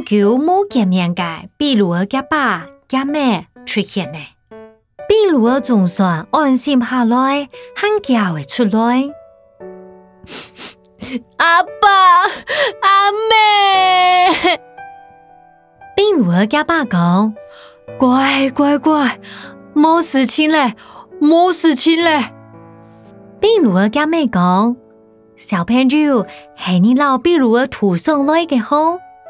久冇見面嘅，比如兒家爸家妹出現咧，比如兒總算安心下來，喊叫會出來。阿爸阿妹，比如兒家爸講：「乖乖乖，冇事情嘞，冇事情嘞。」比如兒家妹講：小朋友，係你老比如兒土孫來嘅好。